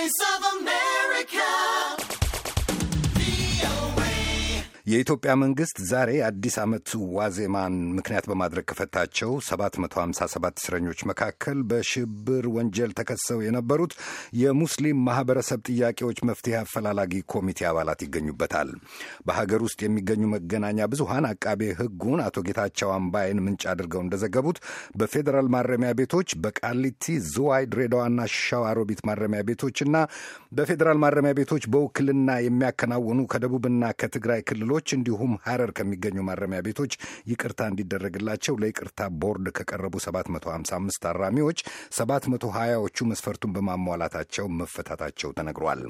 Voice of a man. የኢትዮጵያ መንግስት ዛሬ አዲስ ዓመት ዋዜማን ምክንያት በማድረግ ከፈታቸው 757 እስረኞች መካከል በሽብር ወንጀል ተከሰው የነበሩት የሙስሊም ማህበረሰብ ጥያቄዎች መፍትሄ አፈላላጊ ኮሚቴ አባላት ይገኙበታል። በሀገር ውስጥ የሚገኙ መገናኛ ብዙሃን አቃቤ ህጉን አቶ ጌታቸው አምባይን ምንጭ አድርገው እንደዘገቡት በፌዴራል ማረሚያ ቤቶች በቃሊቲ፣ ዝዋይ፣ ድሬዳዋና ሸዋሮቢት ማረሚያ ቤቶችና በፌዴራል ማረሚያ ቤቶች በውክልና የሚያከናውኑ ከደቡብና ከትግራይ ክልሎች እስረኞች እንዲሁም ሐረር ከሚገኙ ማረሚያ ቤቶች ይቅርታ እንዲደረግላቸው ለይቅርታ ቦርድ ከቀረቡ 755 ታራሚዎች 720ዎቹ መስፈርቱን በማሟላታቸው መፈታታቸው ተነግሯል።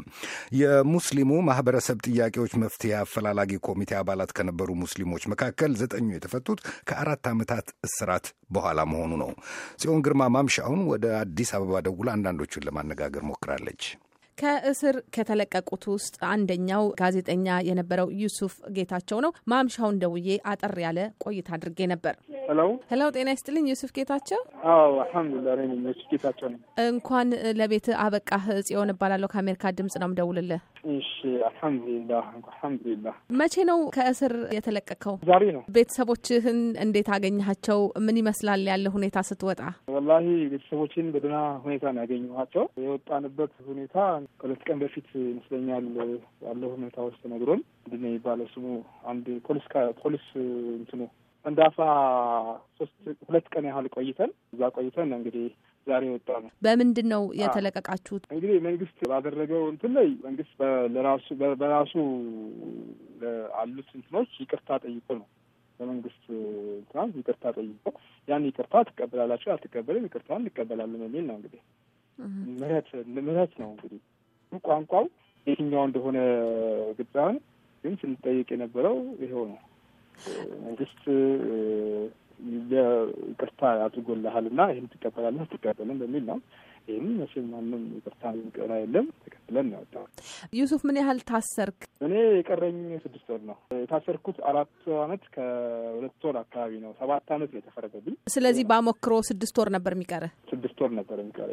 የሙስሊሙ ማህበረሰብ ጥያቄዎች መፍትሄ አፈላላጊ ኮሚቴ አባላት ከነበሩ ሙስሊሞች መካከል ዘጠኙ የተፈቱት ከአራት ዓመታት እስራት በኋላ መሆኑ ነው። ጽዮን ግርማ ማምሻውን ወደ አዲስ አበባ ደውላ አንዳንዶቹን ለማነጋገር ሞክራለች። ከእስር ከተለቀቁት ውስጥ አንደኛው ጋዜጠኛ የነበረው ዩሱፍ ጌታቸው ነው። ማምሻውን ደውዬ አጠር ያለ ቆይታ አድርጌ ነበር። ሄሎ ጤና ይስጥልኝ ዩሱፍ ጌታቸው። አልሐምዱሊላህ፣ ጌታቸው ነው። እንኳን ለቤት አበቃህ። ጽዮን እባላለሁ ከአሜሪካ ድምጽ ነው ምደውልልህ። እሺ አልሐምዱሊላህ አልሐምዱሊላህ። መቼ ነው ከእስር የተለቀቀው? ዛሬ ነው። ቤተሰቦችህን እንዴት አገኘሃቸው? ምን ይመስላል ያለ ሁኔታ ስትወጣ? ወላሂ ቤተሰቦችን በደህና ሁኔታ ነው ያገኘኋቸው። የወጣንበት ሁኔታ ሁለት ቀን በፊት ይመስለኛል ያለ ሁኔታ ውስጥ ነግሮን ምንድን ነው የሚባለው ስሙ አንድ ፖሊስ ፖሊስ እንትኑ እንዳፋ ሶስት ሁለት ቀን ያህል ቆይተን እዛ ቆይተን እንግዲህ ዛሬ ወጣ ነው። በምንድን ነው የተለቀቃችሁት? እንግዲህ መንግስት ባደረገው እንትን ላይ መንግስት ለራሱ በራሱ አሉት እንትኖች ይቅርታ ጠይቆ ነው በመንግስት እንትናት ይቅርታ ጠይቆ ያን ይቅርታ ትቀበላላችሁ አልትቀበልም፣ ይቅርታን እንቀበላለን የሚል ነው። እንግዲህ ምህረት ምህረት ነው እንግዲህ ቋንቋው የትኛው እንደሆነ ግብፃን ግን ስንጠይቅ የነበረው ይኸው ነው መንግስት ይቅርታ አድርጎልሃል እና ይህን ትቀበላለህ ትቀበልም በሚል ነው ይህም መቼም ማንም ይቅርታ የሚቀራ የለም። ተከትለን ነው ዩሱፍ ምን ያህል ታሰርክ? እኔ የቀረኝ ስድስት ወር ነው የታሰርኩት። አራት አመት ከሁለት ወር አካባቢ ነው። ሰባት አመት ነው የተፈረገብኝ። ስለዚህ በአሞክሮ ስድስት ወር ነበር የሚቀረ ስድስት ወር ነበር የሚቀረ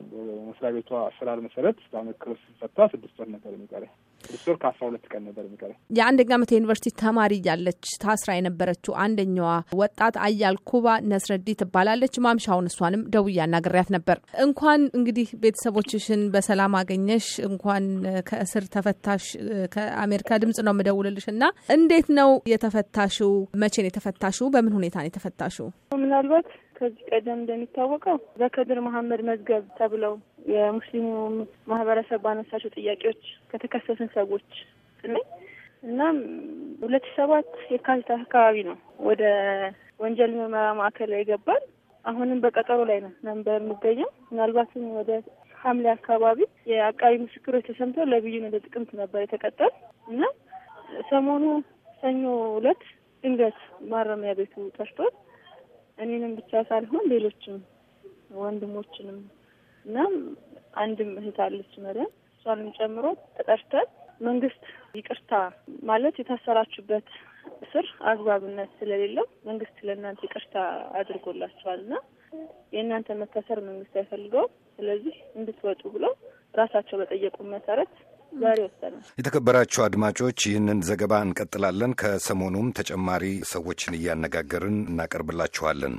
መስሪያ ቤቷ አሰራር መሰረት በአሞክሮ ሲፈታ ስድስት ወር ነበር የሚቀረ ስድስት ወር ከአስራ ሁለት ቀን ነበር የሚቀረ። የአንደኛ ዓመት የዩኒቨርሲቲ ተማሪ እያለች ታስራ የነበረችው አንደኛዋ ወጣት አያል ኩባ ነስረዲ ትባላለች። ማምሻውን እሷንም ደውዬ አናግሬያት ነበር። እንኳን እንግዲህ እንግዲህ ቤተሰቦችሽን በሰላም አገኘሽ። እንኳን ከእስር ተፈታሽ። ከአሜሪካ ድምጽ ነው የምደውልልሽ እና እንዴት ነው የተፈታሽው? መቼ ነው የተፈታሽው? በምን ሁኔታ ነው የተፈታሽው? ምናልባት ከዚህ ቀደም እንደሚታወቀው በከድር መሀመድ መዝገብ ተብለው የሙስሊሙ ማህበረሰብ ባነሳቸው ጥያቄዎች ከተከሰስን ሰዎች ስናይ እናም ሁለት ሰባት የካቲት አካባቢ ነው ወደ ወንጀል ምርመራ ማዕከል ይገባል። አሁንም በቀጠሮ ላይ ነው ነበር የሚገኘው። ምናልባትም ወደ ሐምሌ አካባቢ የአቃቢ ምስክሮች ተሰምተው ለብይን ወደ ጥቅምት ነበር የተቀጠል እና ሰሞኑ ሰኞ ዕለት ድንገት ማረሚያ ቤቱ ጠርቶት እኔንም ብቻ ሳልሆን ሌሎችም ወንድሞችንም እና አንድም እህት አለች መሪያም እሷንም ጨምሮ ተጠርተን መንግስት ይቅርታ ማለት የታሰራችሁበት ስር አግባብነት ስለሌለው መንግስት ለእናንተ ይቅርታ አድርጎላቸዋል እና የእናንተ መታሰር መንግስት አይፈልገውም፣ ስለዚህ እንድትወጡ ብለው ራሳቸው በጠየቁ መሰረት ዛሬ የተከበራችሁ አድማጮች ይህንን ዘገባ እንቀጥላለን። ከሰሞኑም ተጨማሪ ሰዎችን እያነጋገርን እናቀርብላችኋለን።